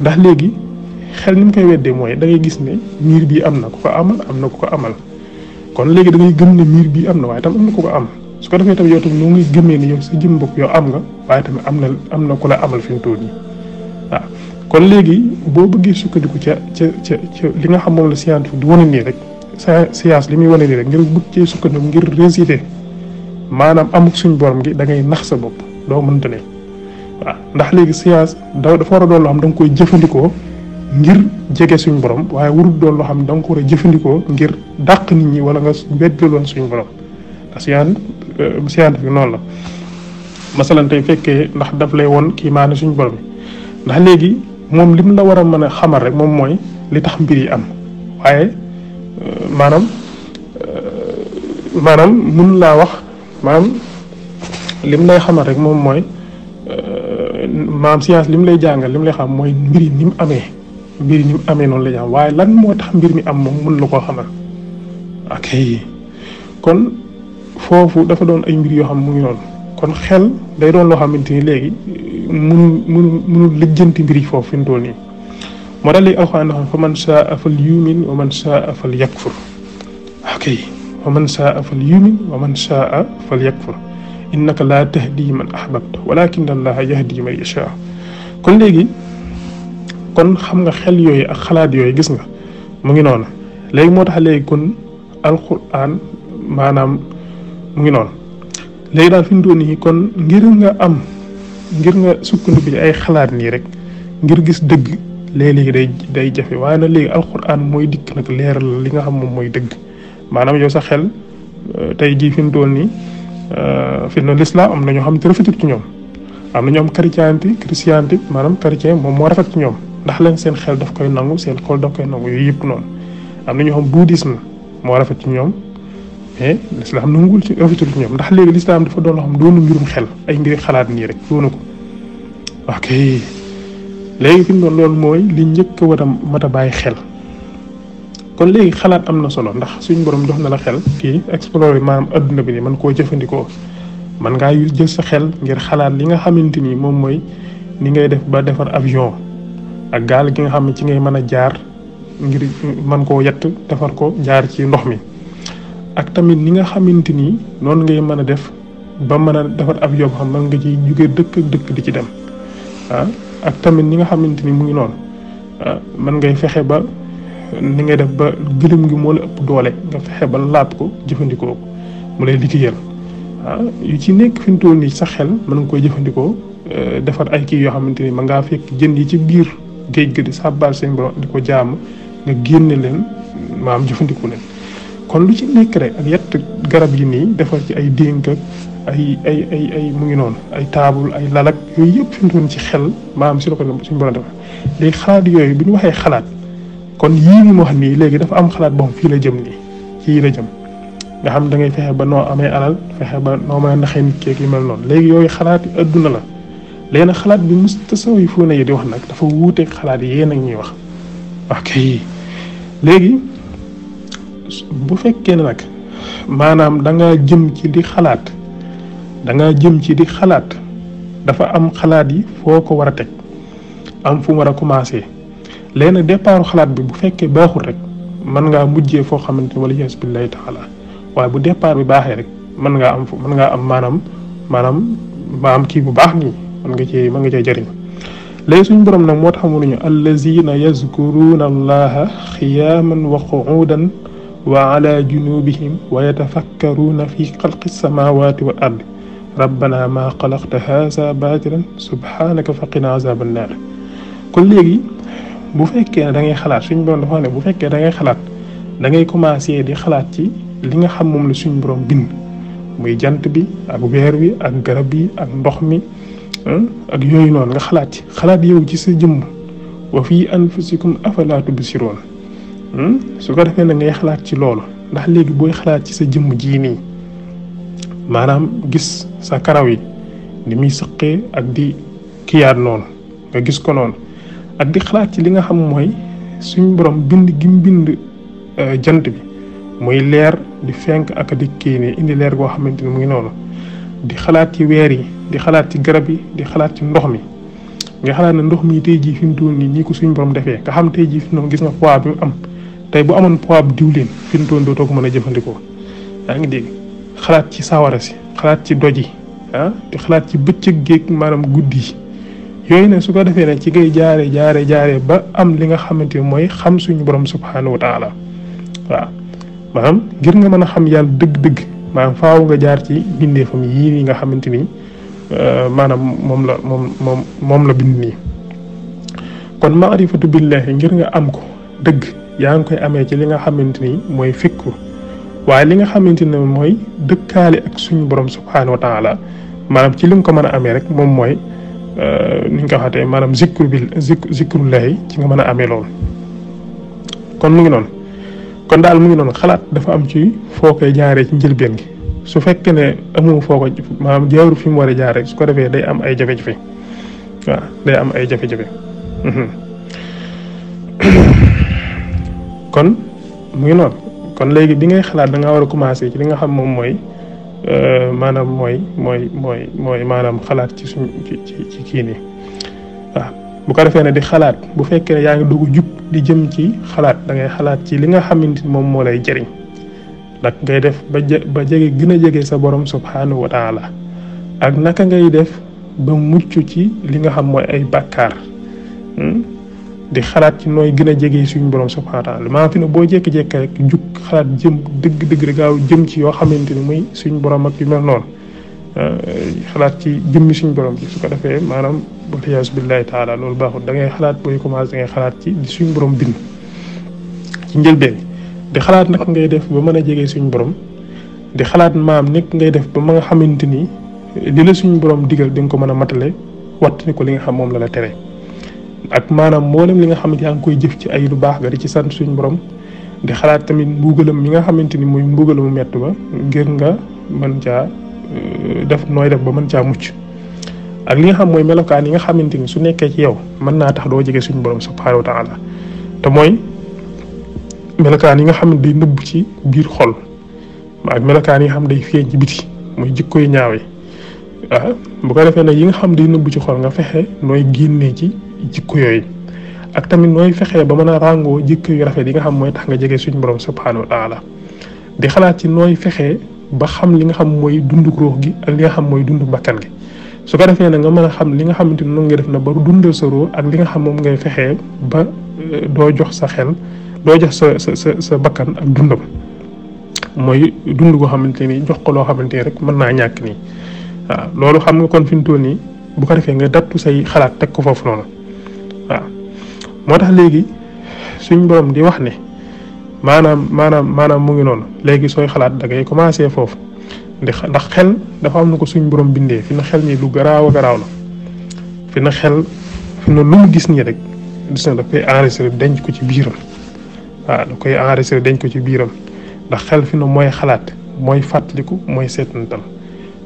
ndax léegi xel ni mu koy weddee mooy da gis ne miir bii am na ku ko amal am na ku ko amal kon léegi da ngay gëm miir bii am na waaye tam na ko am su ko defee tamit yow tamit noo ngi gëmee ne yow sa jëm bopp yow am nga waaye tamit am na am na ku la amal fi mu toll waaw kon léegi boo bëggee sukkandiku ca ca ca ca li nga xam moom la scientifique di wane nii rek science li muy wane rek ngir bëgg cee sukkandiku ngir résider maanaam amuk suñ borom gi da ngay nax sa bopp doo mënta ne waaw ndax léegi science da dafa war a doon loo xam da nga koy jëfandikoo ngir jege suñ borom waaye warul doon loo xam da nga war a jëfandikoo ngir dàq nit ñi wala nga weddiloon suñ borom ndax science euh, fi noonu la masalan tey fekkee ndax daf lay woon kii maanaam suñ borom ndax léegi moom lim la war a mën a xamal rek moom mooy li tax mbir am waaye euh, maanaam euh, maanaam mun laa wax maanaam lim lay xamal rek moom mooy euh, maanaam science lim lay jàngal lim lay xam mooy mbir yi amee mbir yi amee noonu lay waaye lan moo tax mbir mi am moom mun la koo xamal ok kon foofu dafa doon ay mbir yoo xam mu ngi noonu. kon xel day doon loo xamante ni léegi mun mun munul lijjanti mbir yi foofu fi mu toll nii moo tax léegi alxuraan fa man saa afal yumin wa man saa afal yakfur ok wa man saa afal yumin wa man saa afal yakfur innaka laa tahdi man ahbabta walakin allah yahdi man yasha kon léegi kon xam nga xel yooyu ak xalaat yooyu gis nga mu ngi noonu léegi moo tax léegi kon alquran maanaam mu ngi noonu léegi daal fi mu toll nii kon ngir nga am ngir nga sukkandiku ay xalaat nii rek ngir gis dëgg léeg-léegi day day jafe waaye na léegi alxuraan mooy dikk nag leeral li nga xam moom mooy dëgg maanaam yow sax xel euh, tey jii fi mu toll nii euh, fi na lislaam am na ñoo xam te ci ñoom am na ñoom chrétienté christianté maanaam chrétien moom moo rafet ci ñoom ndax leen seen xel daf koy nangu seen xol daf koy nangu yooyu yëpp noonu am na ñoo xam bouddhisme moo rafet ci ñoom mais eh, lislaam nanguwul ci ofitul ci ndax léegi lislaam dafa doon loo xam doonu mbirum xel ay mbiri xalaat nii rek doonu ko ok léegi fi mu doon loolu mooy li njëkk war a mat a bàyyi xel kon léegi xalaat am na solo ndax suñ borom jox na la xel kii explorer maanaam adduna bi ni mën koo jëfandikoo man ngaa jël sa xel ngir xalaat li nga xamante ni moom mooy ni ngay def ba defar avion ak gaal gi nga xam ne ci ngay mën a jaar ngir mën koo yett defar ko jaar ci ndox mi ak tamit ni nga xamanteni non ngay mëna def ba mëna a ab yob xam man nga ci jóge dëkk ak dëkk di ci dem ah, ak tamit ni nga xamanteni mu ngi non ah, man ngay fexé ba ni ngay def ba gëlëm gi mo la ëpp doole nga fexé ba ko jëfëndiko ko mu lay liggéeyal ah yu ci nekk fi mu toll nii sa xel mën nga koy jëfandikoo eh, ay ki yo xamanteni ma nga fekk jënd yi ci biir geej gi di sabbal seen borom di ko jaam nga génne leen maam jëfandiku leen. kon lu ci nekk rek ak yett garab yi nii defar ci ay dénk ay ay ay ay mu ngi noonu ay taabul ay lalak yooyu yëpp fi mu doon ci xel maanaam si la ko suñu borom defar léegi xalaat yooyu bu ñu waxee xalaat kon yii ni mu wax nii léegi dafa am xalaat boo fii la jëm nii fii la jëm nga xam da ba noo amee alal fexe ba noo mën a naxee nit léegi yooyu xalaat yi adduna la léegi nag xalaat bi mustasawifuuna yi di wax nag dafa wuuteeg xalaat yi yéen a ñuy wax ok léegi. bu fekkee ne nag maanaam da nga jëm ci di xalaat da jëm ci di xalaat dafa am xalaat yi foo ko war a teg am fu mu war a commencé léegi nag départu xalaat bi bu fekkee baaxul rek mën ngaa mujjee foo xamante wala yes billahi taala waaye bu départ bi baaxee rek mën ngaa am mën ngaa am maanaam maanaam maam kii bu baax nii mën nga cee mën nga cee jëriñ léegi suñu borom nag moo tax ñu allazina yazkuruna allaha xiyaman wa quudan وعلى جنوبهم ويتفكرون في خلق السماوات والأرض ربنا ما خلقت هذا باطلا سبحانك فقنا عذاب النار كل لي بو فكي دا ngay خلات سيني بروم دا فا بو فكي دا ngay خلات دا ngay كوماسي دي خلات تي ليغا خام موم لا سيني بروم بين موي جانت بي اك وير وي اك غرب بي اك ndokh mi اك يوي نون nga خلات تي خلات يو جي سي جيم وفي انفسكم افلا تبصرون Hmm? su ko defee na ngay xalaat ci loolu ndax léegi booy xalaat ci sa jëmm jii nii maanaam gis sa karaw yi ni muy sëqee ak di kiyaat noonu nga gis ko noonu ak di xalaat ci li nga xam mooy suñ borom bind gi bind euh, jant bi muy leer di fenk ak di kii nii indi leer goo xamante ni mu ngi noonu di xalaat ci weer yi di xalaat ci garab yi di xalaat ci ndox mi nga xalaat ne ndox mi tey jii fi mu toll nii ñii ko suñ borom defee nga xam tey jii fi gis nga poids bi mu am. tey bu amoon poids diwlin fi mu toon dootoo ko mën a jëfandikoo yaa ngi dégg xalaat ci sawara si xalaat ci doj yi ah te xalaat ci bëccëg géeg maanaam guddi yi yooyu nag su ko defee nag ci ngay jaare jaare jaare ba am li nga xamante ni mooy xam suñu borom subhaanahu wa taala waaw maanaam ngir nga mën a xam yàlla dëgg-dëgg maanaam faaw nga jaar ci bindeefam yii yi nga xamante ni euh, maanaam moom la moom moom la bind nii kon maarifatu billahi ngir nga am ko dëgg yaa ngi koy amee ci li nga xamante ni mooy fikku waaye li nga xamante ne mooy dëkkaale ak suñu borom subhaanahu wa taala maanaam ci li nga ko mën a amee rek moom mooy euh, ni nga ko waxatee maanaam zikru bi zikrullahi ci nga mën a amee loolu kon mu ngi noonu kon daal mu ngi noonu xalaat dafa am ci foo koy jaaree ci njëlbeen gi su fekkee ne amoo foo ko maanaam jaaru fi mu war a jaaree su ko defee day am ay jafe-jafe waaw day am ay jafe-jafe hmm. kon mu ngi noonu kon léegi bi ngay xalaat da nga war a commencé ci li nga xam moom mooy euh, maanaam mooy mooy mooy mooy maanaam xalaat ci suñ ci ci kii nii bu ko defee ne di xalaat bu fekkee yaa ngi dugg jub di jëm ci xalaat da ngay xalaat ci li nga xamante ni moom moo lay jëriñ nag ngay def ba ba jege gën a jege sa borom subhanahu wa taala ak naka ngay def ba mucc ci li nga xam mooy ay bàkkaar hmm? di xalaat ci nooy gën a jege suñu borom subhanahu wa taala maa fi ne boo jékki-jékki rek jug xalaat jëm dëgg-dëgg gaaw jëm ci yoo xamante ni muy suñu borom ak yu mel noonu euh, xalaat ci jëmmi suñu borom su ko defee maanaam waliyaasu billaahi taala loolu baaxul da ngay xalaat booy commencé da xalaat ci suñu borom bind ci njëlbeen di xalaat nag ngay def ba mën a jege suñu borom di xalaat maam nekk ngay def ba ma nga xamante ni li la suñu borom digal di ko mën a matale watt ni ko li nga xam moom la la tere. ak maanaam mboolem li nga xamante yaa ngi koy jëf ci ay lu baax nga di ci sant suñu borom di xalaat tamit mbugalam mi nga xamante ni mooy mbugalamu mett ba ngir nga mën caa euh, def nooy def ba mën caa mucc ak li nga xam mooy melokaan yi nga xamante ni su nekkee ci yow mën naa tax doo jege suñu borom subhaanahu wa te mooy melokaan yi nga xam ne day nëbb ci biir xol ak melokaan yi nga xam day feeñ ci biti muy jikko yu ñaaw yi ah, bu ko defee nag yi nga xam day nëbb ci xol nga fexe nooy génnee ci. jikko yooyu ak tamit nooy fexe ba mën a ràngoo jikko yu rafet yi nga xam mooy tax nga jege suñu borom subhaanahu wa taala di xalaat ci nooy fexe ba xam li nga xam mooy dund ruux gi ak li nga xam mooy dundu bakkan gi su ko defee nag nga mën a xam li nga xamante ni noonu nga def na ba dundal sa ak li nga xam moom ngay fexee ba euh, doo jox sa xel doo jox sa sa sa sa bakkan ak dundam mooy dund goo xamante ni jox ko loo xamante ni rek mën naa ñàkk nii loolu xam nga kon fi mu toll nii bu ko defee nga dattu say xalaat teg ko foofu noonu. moo tax léegi suñ borom di wax ne maanaam maanaam maanaam mu ngi noonu léegi sooy xalaat da ngay commencé foofu ndax xel dafa am na ko suñ borom bindee fi na xel nii lu garaaw a garaaw la fi na xel fi na lu gis nii rek gis na da koy enregistré denc ko ci biiram waaw da koy enregistré denc ko ci biiram ndax xel fi na mooy xalaat mooy fàttaliku mooy seetantal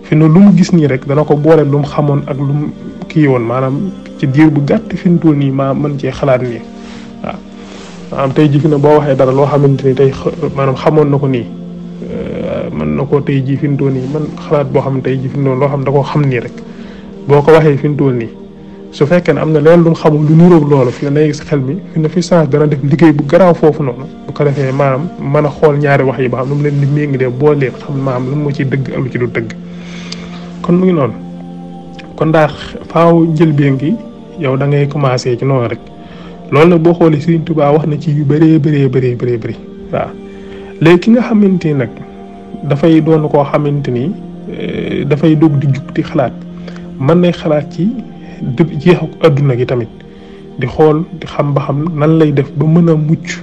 fi gis nii rek dana ko boole lu mu xamoon ak lu kii woon maanaam ci diir bu gàtt fi nii maa man cee xalaat nii waaw. maanaam tey jii fi ne boo waxee dara loo xamante ni tey maanaam xamoon na ko nii euh, mën na ko tey jii fi mu toll nii man xalaat boo xam tey jii fi mu loo xam da koo xam nii rek boo ko waxee fi mu toll nii. su fekkee ne am na leen lum mu xamul lu niroog loolu fi ne gis xel mi fi ne fi change dana def liggéey bu garaw foofu noonu bu ko defee maanaam man a xool ñaari wax yi ba xam lu mu leen di méngi dee boo leen xam maanaam lu mu ciy dëgg ak ci du dëgg kon mu ngi noonu kon daa faaw njëlbeen gi yow da ngay commencé ci noonu rek loolu nag boo xoolee Serigne Touba wax na ci yu bëree bëree bëree bëree bëri waaw léegi ki nga xamante ni nag dafay doon koo xamante ni eh, dafay dog di jug di xalaat mën nay xalaat ci di jeexu adduna gi tamit di xool di xam ba xam nan lay def ba mën a mucc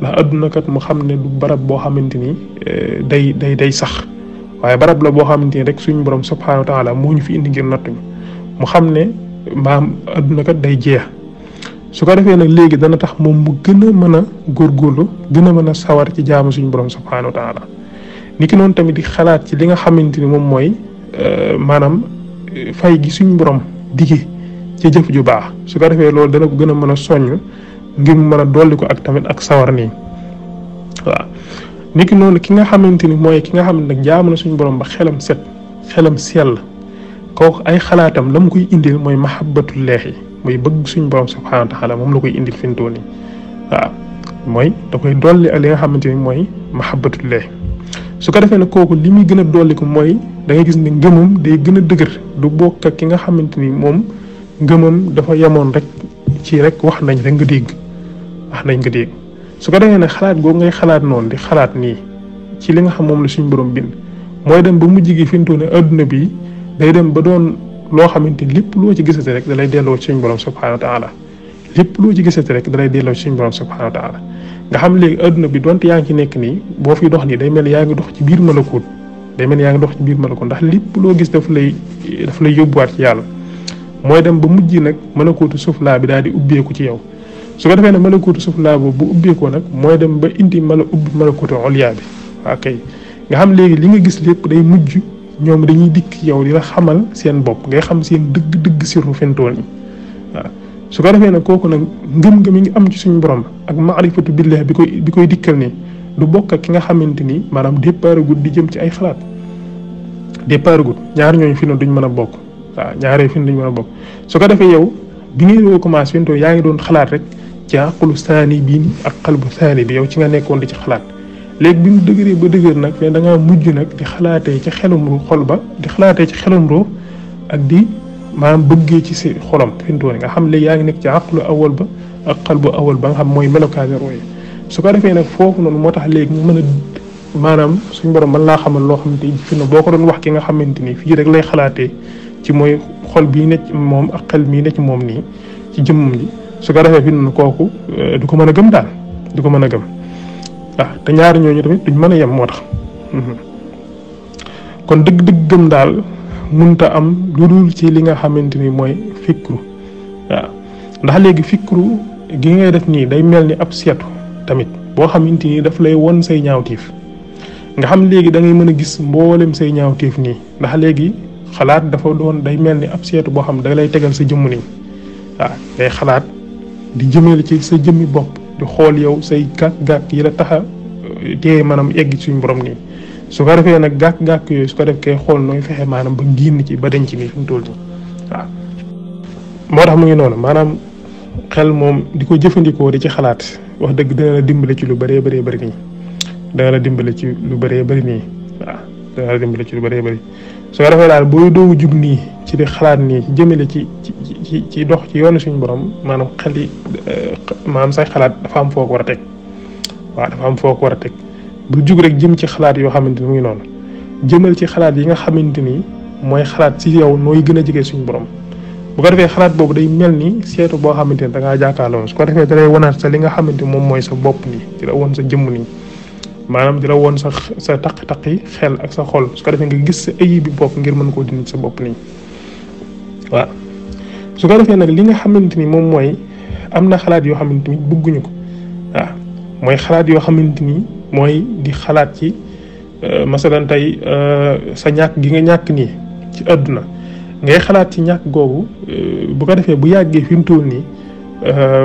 ndax adduna kat mu xam ne du barab boo xamante ni eh, day day day sax waaye barab la boo xamante ni rek suñu borom subhanahu wa taala moo ñu fi indi ngir nattuñu mu xam ne. mbaam aduna kat day jeex su ko defee nag léegi dana tax moom mu gën a mën a góorgóorlu gën a mën a sawar ci jaamu suñu borom subhanahu wa taala niki tamit di xalaat ci li nga xamante ni moom mooy euh, maanaam euh, fay gi suñu borom digge ci jëf ju baax su ko defee loolu dana ko gën a mën a soññ ngir mu mën a dolli ko ak tamit ak sawar nii waaw ni noonu ki nga xamante ni mooy ki nga xam jaamu suñu borom ba xelam set xelam sel kooku ay xalaatam la mu koy indil mooy mahabbatullahi mooy bëgg suñ borom subhanahu wa taala moom la koy indil fintoon yi waaw mooy koy dolli ak li nga xamante ni mooy mahabbatullahi su ko defee nag kooku li muy gën a dolli ko mooy da ngay gis ne ngëmam day gën a dëgër du bokk ak ki nga xamante ni moom ngëmam dafa yemoon rek ci rek wax nañ rek nga dégg wax nañ nga dégg su ko defee ne xalaat googu ngay xalaat noonu di xalaat nii ci li nga xam moom la suñu borom bind mooy dem ba mujj gi fintoon ne bi day dem ba doon loo xamante ni lépp loo ci gisate rek dalay delloo ci suñ borom subhanahu wa lépp loo ci gisate rek dalay delloo ci suñ borom subhanahu wa nga xam léegi adduna bi dont yaa ngi ci nekk nii boo fi dox nii day mel yaa ngi dox ci biir malakuut day mel yaa ngi dox ci biir malakuut ndax lépp loo gis daf lay daf lay yóbbuwaat ci yàlla mooy dem ba mujj nag malakuutu laa bi daal di ubbeeku ci yow su ko defee nag malakuutu suflaa boobu bu ubbeekoo nag mooy dem ba indi mala ubbi malakuutu bi ok nga xam léegi li nga gis lépp day mujj ñoom dañuy dikk yow di la xamal seen bopp ngay xam seen dëgg-dëgg sirru fentoon yi waaw su ko defee nag kooku nag ngëm-ngëm yi nga am ci suñu borom ak maarifatu billah bi koy bi koy dikkal ni du bokk ak ki nga xamante ni maanaam départ gud di jëm ci ay xalaat départ gud ñaar ñooñu fi ne duñ mën a bokk waaw ñaaree fi ne duñ mën a bokk su ko defee yow bi ngay doo commencé fentoo yaa ngi doon xalaat rek ci àqulu saani bii ak xalbu saani bi yow ci nga nekkoon di ci xalaat léegi bi mu dëgëree ba dëgër nag mais da ngaa mujj nag di xalaatee ci xelum xol ba di xalaatee ci xelum ruux ak di maanaam bëggee ci si xolam fi mu toll nga xam léegi yaa ngi nekk ci aqlu awal ba ak xalbu awal ba nga xam mooy melokaani ruux su ko defee nag foofu noonu moo tax léegi nga mën a maanaam suñu borom mën laa xamal loo xamante ni fi na boo ko doon wax ki nga xamante ni fii rek lay xalaatee ci mooy xol bii ne ci moom ak xel mii ne ci moom nii ci jëmmam ji su ko defee fi noonu kooku du ko mën a gëm daal du ko mën a gëm waaw te ñaari ñooñu tamit duñ mën a yem moo tax mhm. kon dëgg-dëgg gëm daal munta am lu ci li nga xamante ni mooy fikru waaw ndax léegi fikru gi ngay def nii day mel ni ab seetu tamit boo xamante ni daf lay won say ñaawtiif nga xam léegi da ngay mën a gis mboolem say ñaawtiif nii ndax léegi xalaat dafa doon day mel ni ab seetu boo xam da lay tegal sa jëmm nii waaw day xalaat di jëmale ci sa jëmmi bopp di xool yow say gàkk-gàkk yi la taxa a euh, téye maanaam egg suñu borom nii su ko defee nag gàkk-gàkk yooyu su ko def kay xool nooy fexe maanaam ba génn ci ba denc nii fi mu toll nii moo tax mu ngi noonu maanaam xel moom di ko jëfandikoo di ci xalaat wax dëgg dana la dimbale ci lu bëree bëree bari nii dana la dimbale ci lu bëree bari nii waaw dana la dimbale ci lu bëree bari su ko defee daal booy doogu jug nii ci di xalaat nii jëmale ci ci ci dox ci yoonu suñu borom maanaam xel yi eh, maanaam say xalaat dafa am foo ko a teg waaw dafa am foo ko war a teg bu jug rek jëm ci xalaat yoo xamante ni mu ngi noonu jëmal ci xalaat yi nga xamante ni mooy xalaat ci yow nooy gën a jege suñu borom bu ko defee xalaat boobu day mel ni seetu boo xamante ni da ngaa jàkkaarloo su ko defee da lay wanaat sa li nga xamante moom mooy sa bopp nii ci la woon sa jëmm nii maanaam di la woon sa sa taq-taq yi xel ak sa xol su ko defee nga gis sa ayi bi bopp ngir mën koo dindi sa bopp nii waa su ko defee nag li nga xamante ni moom mooy am na xalaat yoo xamante ni bëgguñu ko waaw mooy xalaat yoo xamante ni mooy di xalaat ci euh, masalan tey euh, sa ñàkk gi nga ñàkk nii ci àdduna ngay xalaat ci ñàkk googu euh, bu ko defee bu yàggee fi mu toll nii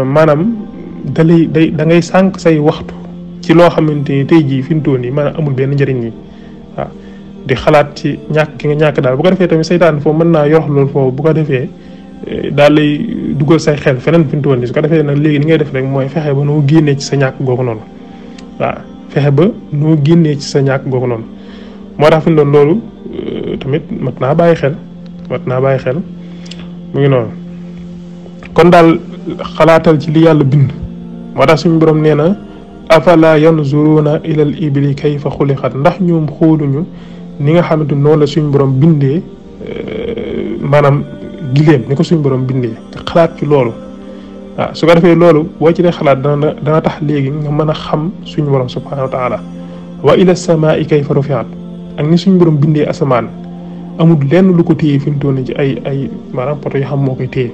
maanaam dalay day da ngay sànq say waxtu ci loo xamante ni tey jii fi mu toll nii maanaam amul benn njariñ nii di xalaat ci ñàkk ki nga ñàkk daal bu ko defee tamit saytaan foofu mën naa yor loolu foofu bu ko defee eh, daal lay dugal say xel feneen fi mu toll nii ko defee nag léegi ni def rek mooy fexe ba noo génnee ci sa ñàkk googu fexe ba noo ci sa ñàkk googu moo tax fi loolu eh, tamit mat naa bàyyi xel mat naa bàyyi xel mu ngi noonu kon daal xalaatal ci li yàlla bind moo tax suñu boroom nee na افلا ينظرون الى الابل كيف خلقت ندخ نيوم خولو ني نيغا خامتو نون لا سوني بروم بيندي مانام غيليم نيكو سوني بروم بيندي خلات في لولو اه سو غافي لولو و تي خلات دا دا تخ ليغي نغا مانا خام سوني بروم سبحانه وتعالى والى السماء كيف رفعت اك ني سوني بروم بيندي اسمان امود لين لوكو تي فين توني جي اي اي مانام بوتو يخام موكاي تي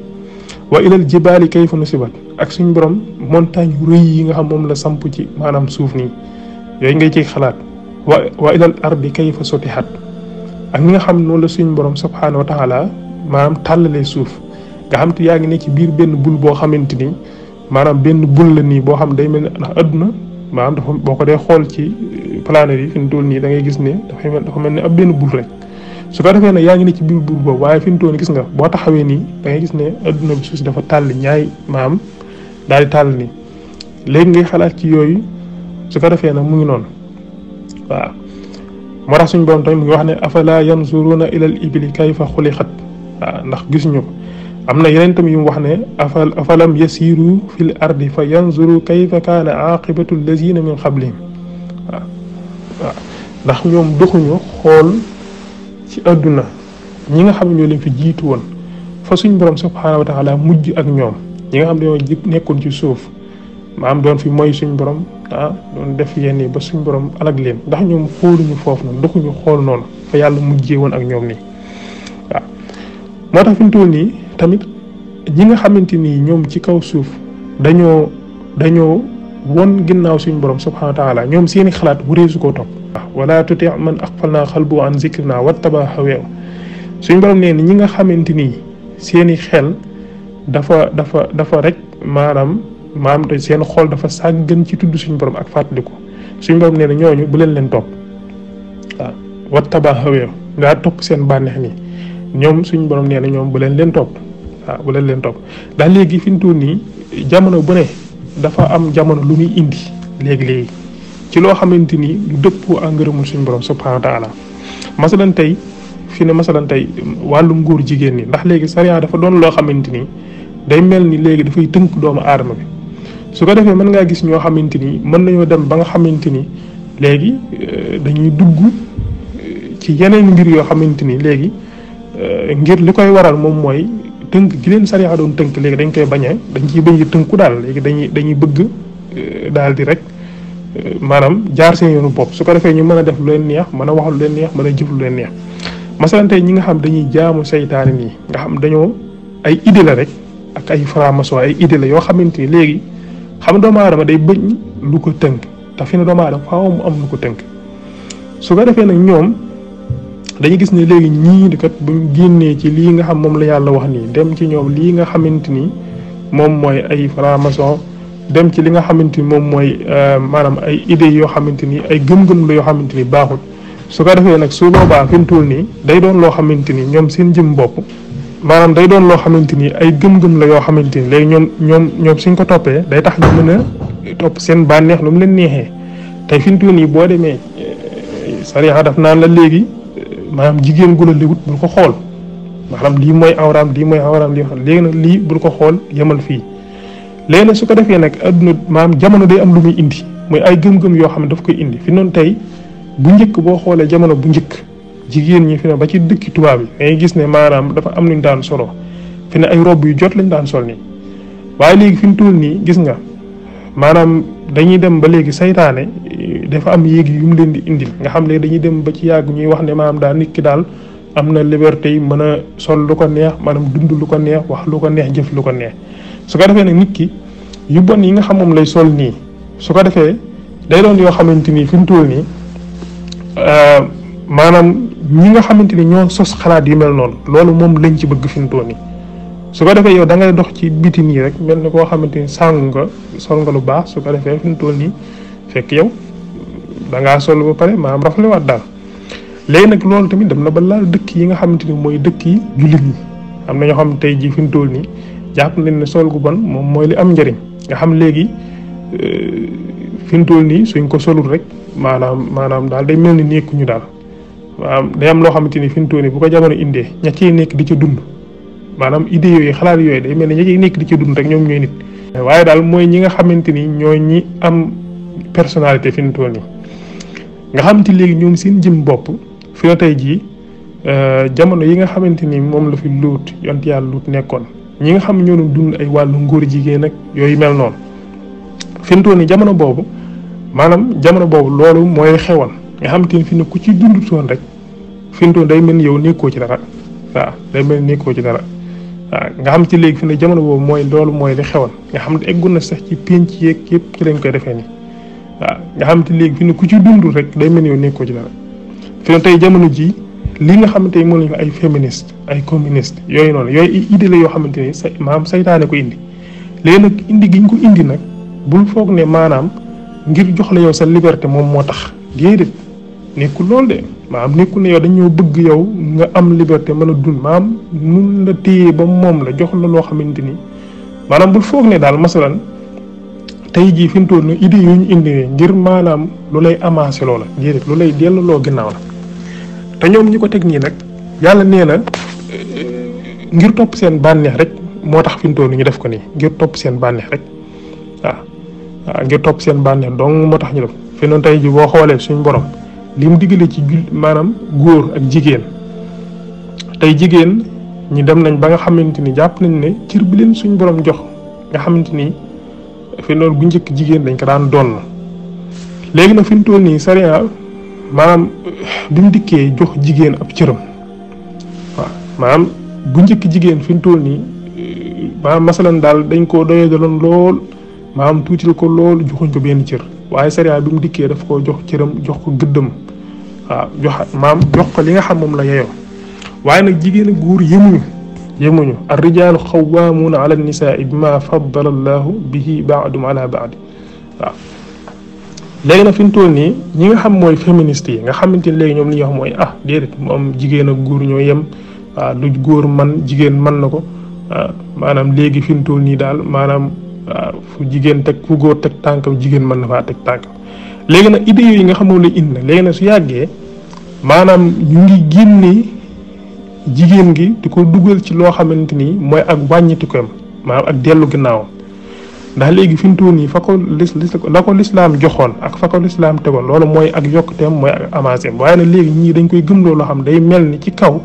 wa ilal jibaali kayfa nusibat ak suñ borom montagne rëy yi nga xam moom la samp ci maanaam suuf nii yooyu nga ciy xalaat wa wa ilal ardi kayfa sutihat ak ñi nga xam noonu la suñ borom subhaanahu wa taala maanaam tàllalee suuf nga xam te yaa ngi ne ci biir benn bul boo xamante ni maanaam benn bul la nii boo xam day mel ne ndax adduna maanaam dafa boo ko dee xool ci euh, planète yi fi mu toll nii da ngay gis ne dafa mel dafa mel ne ab benn bul rek. su fa defee nag yaa ngi ne ci biir buur boobu waaye fi mu toll gis nga boo taxawee nii da ngay gis ne adduna bi suuf dafa tàll ñaay maam daal di tàll nii léegi ngay xalaat ci yooyu su fa defee nag mu ngi noonu waaw moo tax suñu borom tamit mu ngi wax ne afala yanzuruna ila al ibli kayfa xuliqat waaw ndax gisuñu ko am na yeneen tamit yu mu wax ne afal afalam yasiru fil ardi fa yanzuru kayfa kaana aqibatu allazina min qablihim waaw waaw ndax ñoom doxuñu xool ci àdduna ñi nga xam ñoo leen fi jiitu woon fa suñ borom subhaanahu wa taala mujj ak ñoom ñi nga xam ne ñoo nekkoon ci suuf maam doon fi mooy suñ borom ah doon def yenn yi ba suñ borom alag ndax ñoom xooluñu foofu noonu doxuñu xool noonu yàlla mujjee woon ak ñoom nii waaw nii tamit ñi nga xamante nii ñoom ci kaw suuf dañoo dañoo won ginnaaw suñ borom subhaanahu wa taala ñoom seeni xalaat su koo topp Ah, wala tuti man aqfalna khalbu an zikrina wattaba xaweew suñu borom nee na ñi nga xamanteni seeni xel dafa dafa dafa rek manam maam te seen xol dafa gën ci tuddu suñu borom ak fàttaliku suñu borom nee na ñooñu bu leen leen top ah, wattaba xaweew nga top seen banex ni ñom suñu borom nee ñom bu leen leen top ah, bu leen leen top da legi fiñ tourni jamono bu ne dafa am jamono lu indi legi. ci loo xamante ni lu dëppoo ak ngërëmul suñu borom subhanahu wa taala masalan tey fi ne masalan tey wàllum góor jigéen ñi ndax léegi sariya dafa doon loo xamante ni day mel ni léegi dafay tënk doomu aadama bi su ko defee mën ngaa gis ñoo xamante ni mën nañoo dem ba nga xamante ni léegi euh, dañuy dugg euh, ci yeneen ngir yoo xamante ni léegi euh, ngir li koy waral moom mooy tënk gi leen sariya doon tënk léegi dañ koy bañee dañ ciy bañ a tënku daal léegi dañuy dañuy bëgg daal rek maanaam jaar seen yoonu bopp su ko defee ñu mën a def lu leen neex mën a wax lu leen neex mën a jëf lu leen neex masalan tey ñi nga xam dañuy jaamu seytaane nii nga xam dañoo ay idée la rek ak ay franc ay idée la yoo xamante ni léegi xam doomu aadama day bëñ lu tënk te fi ne doomu aadama faaw mu am ko tënk su ko defee nag ñoom dañu gis ne léegi ñii génnee ci lii nga xam moom la yàlla wax nii dem ci ñoom lii nga xamante ni moom mooy ay franc dem ci li nga xamante ni moom mooy euh, maanaam ay idées yoo xamante ni ay gëm-gëm la yoo xamante ni baaxul su ko defee nag su boobaa fi mu nii day doon loo xamante ni ñoom seen jëm bopp maanaam day doon loo xamante ni ay gëm-gëm la yoo xamante ni léegi ñoom ñoom ñoom suñ ko toppee day tax ñu mën a topp seen bànneex lu leen neexee tey fi mu nii boo demee euh, sariya daf naan la léegi euh, maanaam jigéen gu la liwut ko xool maanaam lii mooy awraam lii mooy awraam lii léegi nag lii bul ko xool yemal fii léegi nag su ko defee nag adduna maam jamono day am lu muy indi mooy ay gëm-gëm yoo xam ne dafa koy indi fi noonu tey bu njëkk boo xoolee jamono bu njëkk jigéen ñi fi ne ba ci dëkki tubaab yi dangay gis ne maanaam dafa am nuñ daan solo fi ay robb yu jot lañ daan sol nii waaye léegi fi mu toll nii gis nga maanaam dañuy dem ba léegi saytaane eh, dafa am yéeg yu mu leen di indil nga xam ne dañuy dem ba ci yàgg ñuy wax ne maanaam daal nit ki daal am na liberté yi mën a sol lu ko neex maanaam dund lu ko neex wax lu ko neex jëf lu ko neex su ko defee nag nit ki yu bon yi nga xam moom lay sol nii su ko defee day doon yoo xamante ni fi mu toll nii euh, maanaam ñi nga xamante ni ñoo sos xalaat yi mel noonu loolu moom lañ ci bëgg fi mu toll nii su ko defee yow da dox ci biti nii rek mel ni koo xamante ni sàngu nga sol nga lu baax su ko defee fi mu toll nii fekk yow dangaa sol ba pare maanaam rafetluwaat daal. léegi nag loolu tamit dem na ba laal dëkk yi nga xamante ni mooy dëkk yi jullit ñi am na ñoo xam tey jii fi mu toll nii. jàpp nañ ne sol gu bon moom mooy li am njëriñ nga xam léegi euh, fi mu toll nii suñ ko solul rek maanaam maanaam daal day mel ni nekkuñu daal maanaam day am loo xamante ni fi mu toll nii bu ko jamono indee ña cee nekk di ca dund maanaam idée xalaat yooyu day mel ni ña nekk di ca dund ñoom ñooy nit. waaye daal mooy ñi nga xamante ni ñoo ñi am personnalité fi mu toll nii nga xam ti léegi ñoom seen jëm bopp fi na tey jii euh, jamono yi nga xamante ni moom la fi luut yonti yàlla luut nekkoon. ñi nga xam ñoo doon dund ay wàllu ngóor jigéen ak yooyu mel noonu fi mu toll jamono boobu maanaam jamono boobu loolu mooy xewoon nga xam te ne fi ku ci dund toon rek fi mu toll day mel ni yow nekkoo ci dara waaw day mel ni nekkoo ci dara waaw nga xam ci léegi fi ne jamono boobu mooy loolu mooy xewoon nga xam ne eggu na sax ci penc yeeg yëpp ci lañ koy defee nii waaw nga xam te léegi fi ne ku ci dund rek day mel ni yow nekkoo ci dara fi ne tey jamono jii. li nga xamante ni moom lañu ay féministe ay communiste yooyu noonu yooyu idée la yoo xamante ni say maam seytaane ko indi léegi nag indi gi ñu ko indi nag bul foog ne maanaam ngir jox la yow sa liberté moom moo tax déedéet nekkul loolu de maam nekkul ne dañoo bëgg yow nga am liberté mën a dund maam moom la jox la loo xamante ni maanaam bul foog ne daal masalan tey jii fi mu toll nii idée yu ñu indi ngir maanaam lu lay amassé loola déedéet lu lay loo ginnaaw la. te ñoom ñi ko teg nii nag yàlla nee na ngir topp seen bànneex rek moo tax fi mu toll ñu def ko nii ngir topp seen bànneex rek waaw waaw ngir topp seen bànneex dong moo tax ñu def fi noonu tey ji boo xoolee suñu borom li mu diggale ci jul maanaam góor ak jigéen tey jigéen ñi dem nañ ba nga xamante ni jàpp nañ ne cër bi borom jox nga xamante ni fi noonu bu njëkk jigéen dañ ko daan doon léegi nii sariya maanaam bi mu dikkee jox jigéen ab cëram waaw gu bu njëkk jigéen fi mu toll nii maanaam masalan daal dañ koo doyadaloon lool maam tuutil ko lool joxuñ ko benn cër waaye sariya bi mu dikkee daf ko jox cëram jox ko gëddam waaw maam jox ko li nga xam moom la yeyoo waaye nag jigéen ak góor yemuñu yemuñu ar rijaalu xawaamuuna ala nisaa bima bi allahu bihi baadum ala baad waaw léegi nag fi mu toll nii ñi nga xam mooy féministe yi nga xamante ni léegi ñoom li ñuy wax mooy ah déedéet moom jigéen ak góor ñoo yem waaw ah, lu góor man jigéen man na ko ah, maanaam léegi fi mu toll nii daal maanaam ah, fu jigéen teg fu góor teg tànkam jigéen mën na faa teg tànk léegi nag idées yooyu nga xam moom la indi nag léegi na su yàggee maanaam ñu ngi génne jigéen gi di ko dugal ci loo xamante ni mooy ak wàññitikoom maanaam ak dellu ginnaawam ndax léegi fi mu tuur nii fa ko lis la ko lislaam joxoon ak fa ko lislaam tegoon loolu mooy ak yokkuteem mooy ak avancé waaye na léegi ñii dañ koy gëm loo xam day mel ni ci kaw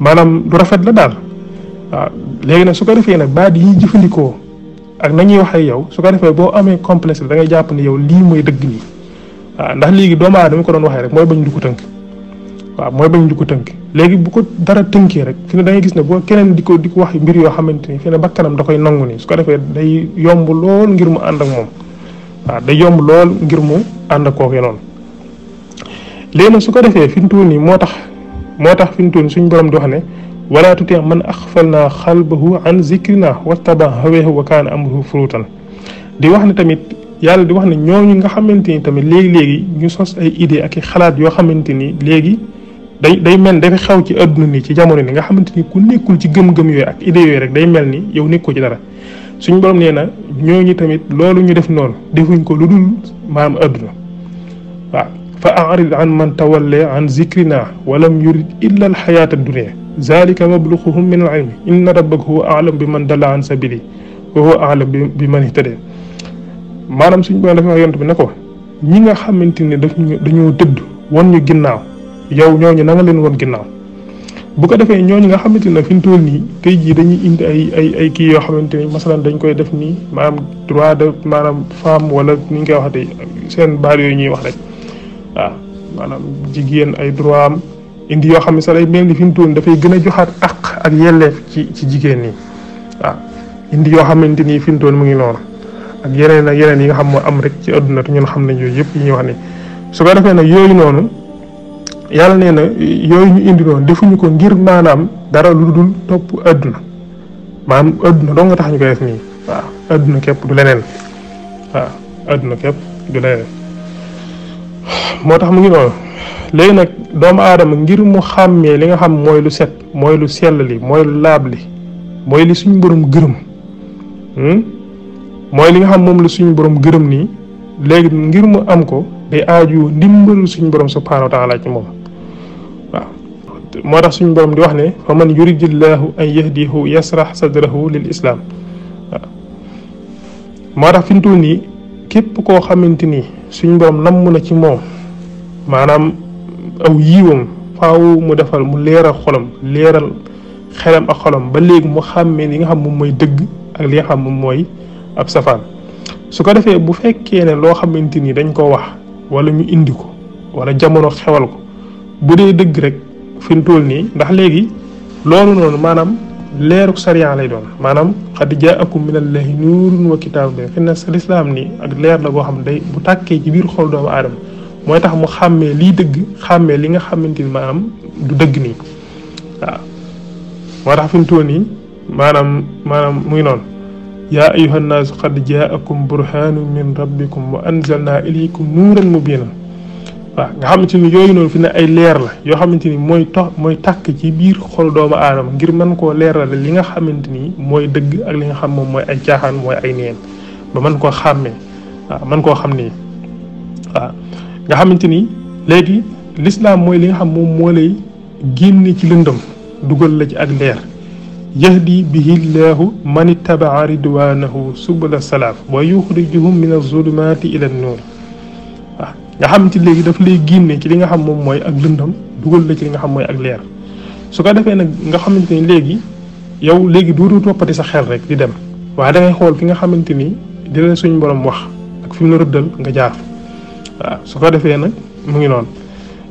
maanaam du rafet la daal waaw léegi nag su ko defee nag baat yi jëfandikoo ak nañuy waxee yow su ko defee boo amee complexe da ngay jàpp ni yow lii mooy dëgg nii waaw ndax léegi doomu aadama ko doon waxee rek mooy bañ du ko tënk waaw mooy bañ di ko tënk léegi bu ko dara tënkee rek fi ne da gis ne boo keneen di ko di ko wax mbir yoo xamante ni fi ne bakkanam da koy nangu ni su ko defee day yomb lool ngir mu ànd ak moom waaw day yomb lool ngir mu ànd ak kooku noonu su ko defee fi mu nii moo tax moo tax fi mu toll nii suñu borom di wax ne wala tutee man axfalnaa xalbahu an zikrina wattaba haweehu wa kaana amruhu furutan di wax ne tamit yàlla di wax ne ñooñu nga xamante ni tamit léegi léegi ñu sos ay idée ak i xalaat yoo xamante ni léegi day day mel day xaw ci aduna ni ci jamono ni nga xamanteni ku nekkul ci gëm-gëm yoy ak idée yoy rek day mel ni yow nekkoo ci dara suñu borom neena na ñooñu tamit loolu ñu def noonu defuñ ko lu dul aduna wa fa arid an man tawalla an zikrina wa lam yurid illa al hayat ad dunya zalika mablughuhum min al ilm inna rabbaka huwa alam biman dalla an sabili wa huwa alam biman ihtada manam suñu borom dafa wax yonent bi nako ñi nga xamanteni dañu dañu tedd won ñu ginnaw yow ñooñu na leen woon ginnaaw bu ko defee ñooñu nga xamante ne fi mu toll nii tey jii dañuy indi ay ay kii yoo xamante ni masalan dañ koy def nii maanaam droit de maanaam femme wala ni ñu koy waxatee seen baar yooyu ñuy wax rek waaw maanaam jigéen ay droit indi yoo xam ne sax day fi mu toll nii dafay gën a joxaat àq ak yelleef ci ci jigéen ñi waaw indi yoo xamante ni fi mu toll mu ngi noonu ak yeneen ak yeneen yi nga xam moo am rek ci adduna te ñun xam nañ yooyu yëpp ñuy wax ni su ko defee nag yooyu noonu. yàlla nee na yooyu ñu indi noonu defuñu ko ngir maanaam dara lu dul topp adduna maanaam adduna dong nga tax ñu koy def nii waaw adduna képp du leneen adduna képp du leneen moo tax mu ngi noonu léegi nag doomu aadama ngir mu xàmmee li nga xam mooy lu set mooy lu sell li mooy lu laab li mooy li suñu borom gërëm hmm? mooy li nga xam moom lu suñu borom gërëm nii léegi ngir mu am ko day aaju ndimbalu suñu borom subhaanahu wa taala moom moo tax suñu borom di wax ne fa man yuridillahu an yahdihu yasrax sadrahu lil islam waaw moo tax fi mu nii képp koo xamante ni suñu borom namm na ci moom maanaam aw yiiwam faaw mu defal mu leeral xolam leeral xelam ak xolam ba léegi mu xàmmee li nga xam moom mooy dëgg ak li nga xam moom mooy ab safaan su ko defee bu fekkee ne loo xamante ni dañ ko wax wala ñu indi ko walla jamono xewal ko bu dee dëgg rek. fi mu toll nii ndax léegi loolu noonu maanaam leeruk sariyaan lay doon maanaam akum min minallahi nuurun wa kitaabun mubiin fi nas sa lislaam nii ak leer la goo xam day bu tàkkee ci biir xol doomu aadama mooy tax mu xàmmee liy dëgg xàmmee li nga xamante ni maanaam du dëgg nii waaw moo tax fi mu toll nii maanaam maanaam muy noonu yaa ayuha nnaas qad jaakum burhanun min rabbikum wa anzalna ilaykum nuuran mubiinan waaw nga xamante ni yooyu noonu fi ne ay leer la yoo xamante ni mooy tax mooy tàkk ci biir xol doomu aadama ngir mën koo leerale li nga xamante ni mooy dëgg ak li nga xam moom mooy ay caaxaan mooy ay neen ba mën koo xàmmee waaw mën koo xam nii waaw nga xamante ni léegi lislaam mooy li nga xam moom moo lay génne ci lëndëm dugal la ci ak leer yahdi bihi llahu man ittabaa ridwanahu subula salaam wa yuxrijuhum min azulumati ila an nuur nga xam ci léegi daf lay génne ci li nga xam moom mooy ak lëndam dugal la ci li nga xam mooy ak leer su ko defee nag nga xamante ni léegi yow léegi dootu toppati sa xel rek di dem waaye da xool fi nga xamante ni dina suñ borom wax ak fi mu la nga jaar waaw su ko defee nag mu ngi noonu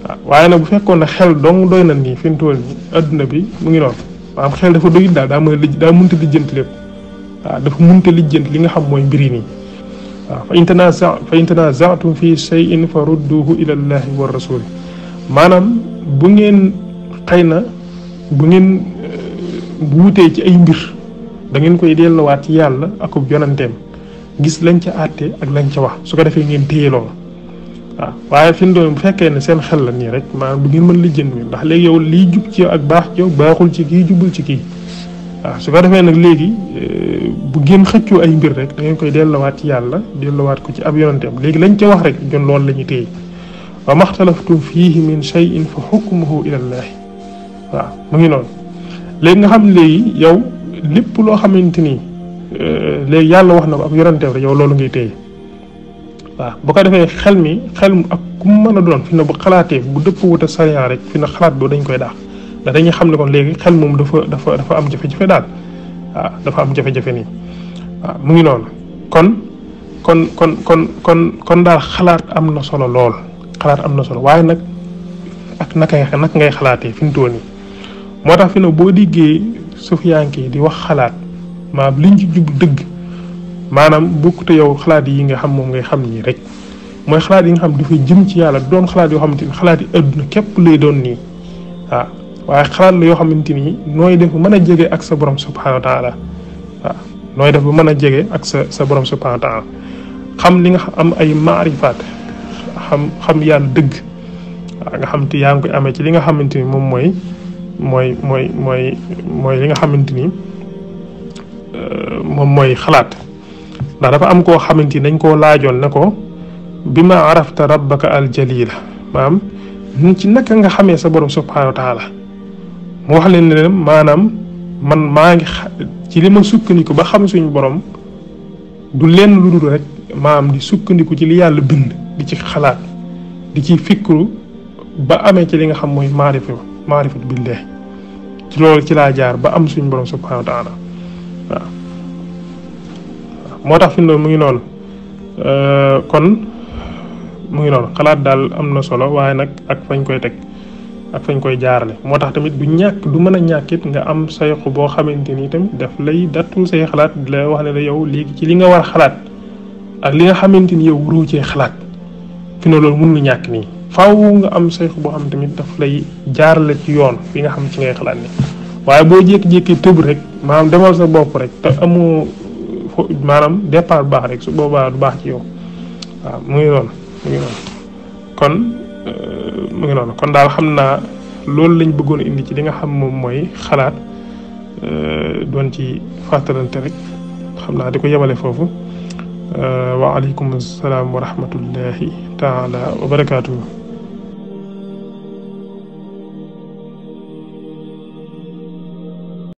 waaw waaye nag bu fekkoon ne xel dong doy na nii fi mu toll nii adduna bi mu ngi noonu maanaam xel dafa doyit daal daa mën a daa mënta lijjanti lépp waaw dafa munte lijjanti li nga xam mooy mbiri nii waaw fa in tanaza fa in tanazatum fi shay'in fa rudduhu ila llahi wa rasuli maanaam bu ngeen xëy na bu ngeen bu wutee ci ay mbir dangeen koy delluwaat ci yàlla akub jonanteem gis lañ ci àtte ak lañ ca wax su ko defee ngeen téye loola waaw waaye fi mu doon bu fekkee ne seen xel la nii rek maanaam du ngeen mën lijjanti ndax léegi yow lii jub ci yow ak baax ci yow baaxul ci kii jubul ci kii su ko defee nag léegi bu ngeen xëccoo ay mbir rek da ngeen koy dellowaat ci yàlla dellowaat ko ci ab yonanteem léegi lañ ca wax rek ñun loolu la ñu téye wa maxtalaftum fiihi min shay'in fa xukmuhu ilallaahi waaw mu ngi noonu léegi nga xam léegi yow lépp loo xamante ni euh, léegi yàlla wax na ko ab yonanteem rek yow loolu ngay téye waaw bu ko defee xel mi xel mu ak ku mën a doon fi na bu xalaatee bu dëpp wut a sariyaan rek fi na xalaat boobu dañ koy daax ndax dañuy xam ne kon léegi xel moom dafa dafa dafa am jafe-jafe daal waaw dafa am jafe-jafe nii waaw ah, mu ngi noonu kon kon kon kon kon kon daal xalaat am na solo lool xalaat am na solo waaye nag ak naka naka ngay xalaatee fi mu toll nii moo tax fi ne boo diggee sufiyanke di wax xalaat maanaam liñ ci jub dëgg maanaam bokkute yow xalaat yi nga xam moom ngay xam nii rek mooy xalaat yi nga xam dafay jëm ci yàlla doon xalaat yoo xamante ni xalaat yi àdduna képp lay doon nii waaw ah, waaye xalaat la yoo xamante ni nooy def mën a jege ak sa borom subhanahu wa nooy def ba mën a jege ak sa sa borom subhanahu xam li nga am ay maarifaat xam xam yàlla dëgg nga xam ti yaa ngi koy amee ci li nga xamante ni moom mooy mooy mooy mooy mooy li nga xamante ni euh, moom mooy xalaat ndax dafa am koo xamante ni dañ ko laajoon ne ko bi ma arafta rabbaka aljalila maanaam ci naka nga xamee sa borom subhanahu wa taala mu wax leen ne maanaam man maa ngi ci li ma sukkandiku ba xam suñu borom du lenn lu dul rek maam di sukkandiku ci li yàlla bind di ci xalaat di ci fikru ba amee ci li nga xam mooy maarifa maarifat billah ci loolu ci laa jaar ba am suñu borom subhanahu wa taala moo tax mu ngi noonu kon mu ngi noonu xalaat daal am na solo waaye nag ak fañ koy teg ak fañ koy jaarale moo tax tamit du ñàkk du mën a ñàkkit nga am sayxu boo xamante ni tamit daf lay dattul say xalaat di la wax ne la yow léegi ci li nga war xalaat ak li nga xamante ni yow waroo cee xalaat fi ne loolu mënul ñàkk nii faaw nga am sayxu boo xam tamit daf lay jaarale ci yoon bi nga xam ci ngay xalaat ni waaye boo jékki-jékki tëb rek maanaam demal sa bopp rek te amoo maanaam départ bu baax rek su boobaa du baax ci yow waaw mu ngi noonu mu ngi noonu kon euh, mu ngi noonu kon daal xam naa loolu lañ bëggoon indi ci li nga xam moom mooy xalaat euh, doon ci fàttalante rek xam naa di ko yemale foofu euh, waaleykum salaam wa rahmatullahi taala wa barakaatu.